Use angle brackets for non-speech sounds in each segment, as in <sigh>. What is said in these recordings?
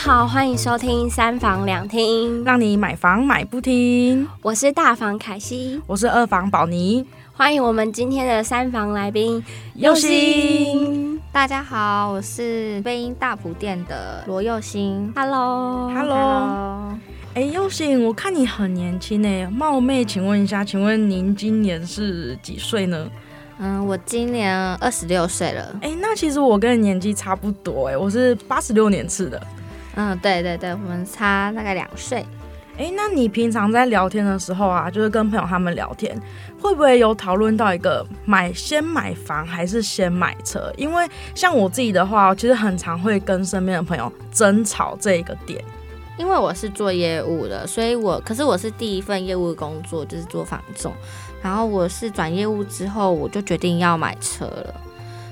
大家好，歡迎收聽三房兩廳，讓你買房買不停。我是大房凱西，我是二房寶尼，歡迎我們今天的三房來賓宥妡。大家好，我是飛鷹大埔店的羅宥妡。Hello，Hello Hello。哎、欸，宥妡，我看你很年輕誒、欸，冒昧請問一下，請問您今年是幾歲呢？嗯，我今年二十六歲了。哎、欸，那其實我跟你年紀差不多、欸、我是八十六年次的。嗯，對對對，我們差大概兩歲。哎，那你平常在聊天的時候啊，就是跟朋友他們聊天，會不會有討論到一個買先買房還是先買車？因為像我自己的話，其實很常會跟身邊的朋友爭吵這個點。因為我是做業務的，所以我，可是我是第一份業務工作，就是做房仲。然後我是轉業務之後，我就決定要買車了。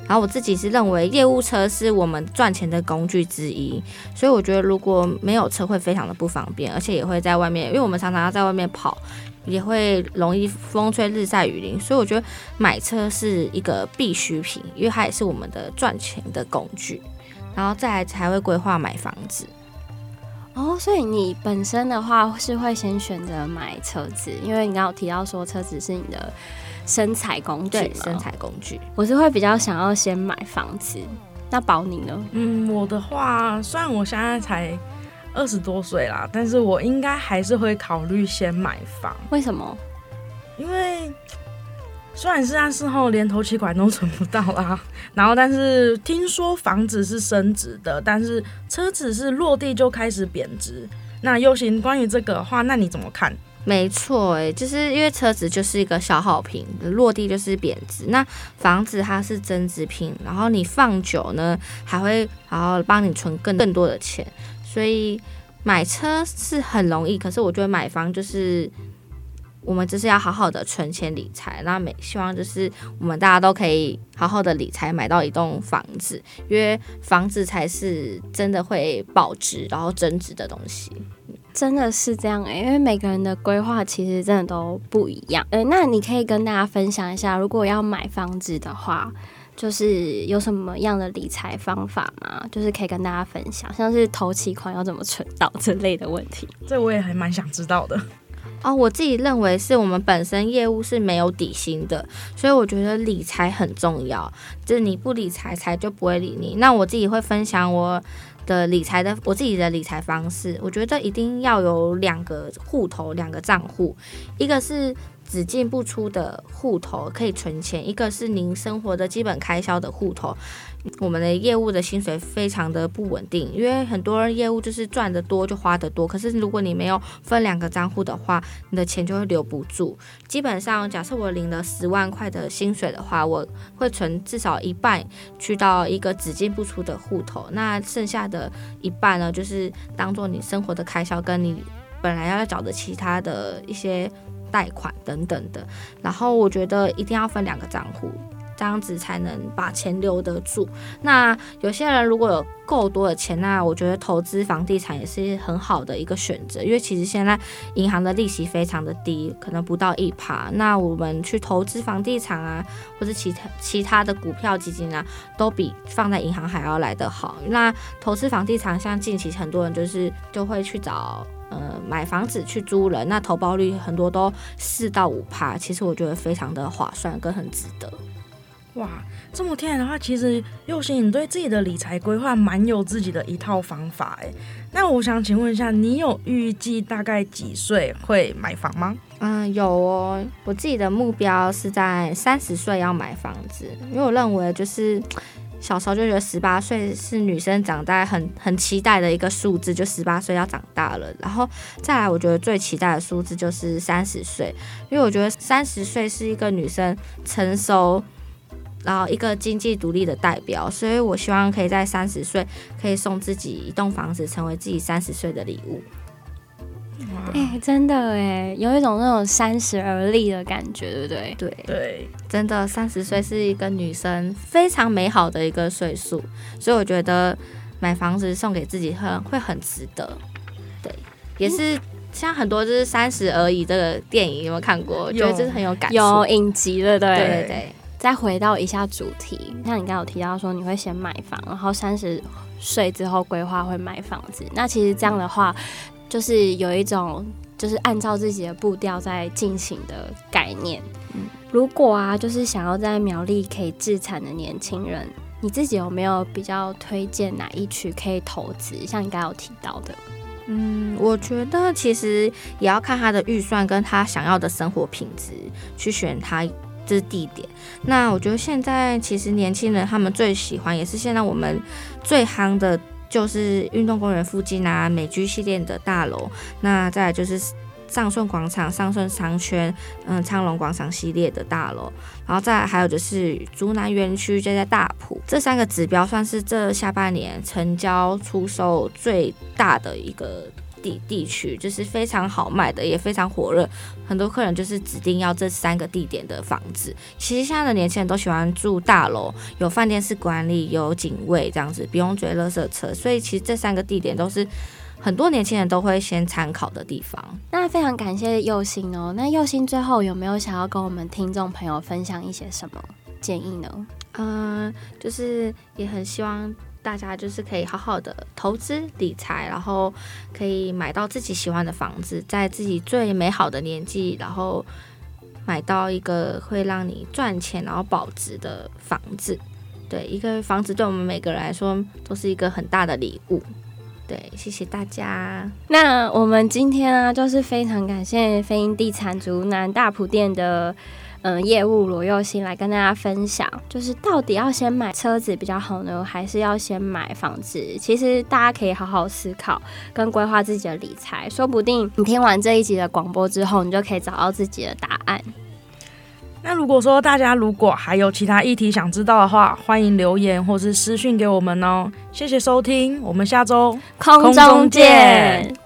然後我自己是認為業務車是我們賺錢的工具之一，所以我覺得如果沒有車會非常的不方便，而且也會在外面，因為我們常常要在外面跑，也會容易風吹日曬雨淋，所以我覺得買車是一個必需品，因為它也是我們的賺錢的工具，然後再來才會規劃買房子。哦，所以你本身的話是會先選擇買車子，因為你剛剛有提到說，車子是你的。生財，生財工具，生財工具。我是會比較想要先買房子，那寶你呢？嗯，我的話，雖然我現在才二十多歲啦，但是我應該還是會考慮先買房。為什麼？因為雖然是在事後連頭期款都存不到啦， <laughs> 然後但是聽說房子是升值的，但是車子是落地就開始貶值。那宥妡關於這個的話，那你怎麼看？沒錯，誒，就是因為車子就是一個消耗品，落地就是貶值。那房子它是增值品，然後你放久呢，還會好好幫你存更更多的錢。所以買車是很容易，可是我覺得買房就是我們就是要好好的存錢理財。那每希望就是我們大家都可以好好的理財，買到一棟房子，因為房子才是真的會保值，然後增值的東西。真的是這樣哎、欸，因為每個人的規劃其實真的都不一樣哎。那你可以跟大家分享一下，如果要買房子的話，就是有什麼樣的理財方法嗎？就是可以跟大家分享，像是頭期款要怎麼存到之類的問題。這我也還蠻想知道的哦。我自己認為是我們本身業務是沒有底薪的，所以我覺得理財很重要。就是你不理財，財就不會理你。那我自己會分享我的理財的，我自己的理財方式，我覺得一定要有兩個戶頭、兩個賬戶，一個是只進不出的戶頭可以存錢，一個是您生活的基本開銷的戶頭。我們的業務的薪水非常的不穩定，因為很多業務就是賺得多就花得多。可是如果你沒有分兩個賬戶的話，你的錢就會留不住。基本上，假設我領了十萬塊的薪水的話，我會存至少一半去到一個只進不出的戶頭，那剩下的一半呢，就是當做你生活的開銷，跟你本來要找的其他的一些。貸款等等的，然後我覺得一定要分兩個賬戶，這樣子才能把錢留得住。那有些人如果有夠多的錢，那我覺得投資房地產也是很好的一個選擇，因為其實現在銀行的利息非常的低，可能不到一趴。那我們去投資房地產啊，或者其他其他的股票基金啊，都比放在銀行還要來得好。那投資房地產，像近期很多人就是就會去找。呃、嗯，買房子去租人，那投報率很多都四到五趴，其實我覺得非常的划算，跟很值得。哇，這麼天然的話，其實宥妡，你對自己的理財規劃蠻有自己的一套方法哎。那我想請問一下，你有預計大概幾歲會買房嗎？嗯，有哦，我自己的目標是在三十歲要買房子，因為我認為就是。小時候就覺得十八歲是女生長大很很期待的一個數字，就十八歲要長大了。然後再來，我覺得最期待的數字就是三十歲，因為我覺得三十歲是一個女生成熟，然後一個經濟獨立的代表。所以我希望可以在三十歲可以送自己一棟房子，成為自己三十歲的禮物。哎、嗯、欸，真的哎，有一種那種三十而立的感覺，對不對？對對，對真的三十歲是一個女生非常美好的一個歲數，所以我覺得買房子送給自己很、嗯、會很值得。對，也是、嗯、像很多就是三十而已這個電影有沒有看過？我覺得這是很有感覺，有影集了，對對對。對再回到一下主題，像你剛剛有提到說你會先買房，然後三十歲之後規劃會買房子，那其實這樣的話。就是有一種，就是按照自己的步調在進行的概念。嗯、如果啊，就是想要在苗栗可以置產的年輕人，你自己有沒有比較推薦哪一區可以投資？像你剛才有提到的，嗯，我覺得其實也要看他的預算跟他想要的生活品質去選他的。這、就是地點。那我覺得現在其實年輕人他們最喜歡，也是現在我們最夯的。就是運動公園附近啊，美居系列的大樓，那再來就是尚順廣場、尚順商圈，嗯，昌隆廣場系列的大樓，然後再來還有就是竹南園區，就在大埔，這三個指標算是這下半年成交出售最大的一個。地地區就是非常好賣的，也非常火熱，很多客人就是指定要這三個地點的房子。其實現在的年輕人都喜歡住大樓，有飯店式管理，有警衛這樣子，不用追垃圾車。所以其實這三個地點都是很多年輕人都會先參考的地方。那非常感謝宥妡哦。那宥妡最後有沒有想要跟我們聽眾朋友分享一些什麼建議呢？呃，就是也很希望。.大家就是可以好好的投資理財，然後可以買到自己喜歡的房子，在自己最美好的年紀，然後買到一個會讓你賺錢然後保值的房子。對，一個房子對我們每個人來說都是一個很大的禮物。對，謝謝大家。那我們今天啊，就是非常感謝飛鷹地產竹南大埔店的。嗯、呃，業務羅宥妡來跟大家分享，就是到底要先買車子比較好呢，還是要先買房子？其實大家可以好好思考跟規劃自己的理財，說不定你聽完這一集的廣播之後，你就可以找到自己的答案。那如果說大家如果還有其他議題想知道的話，歡迎留言或是私訊給我們哦。謝謝收聽，我們下周空中見。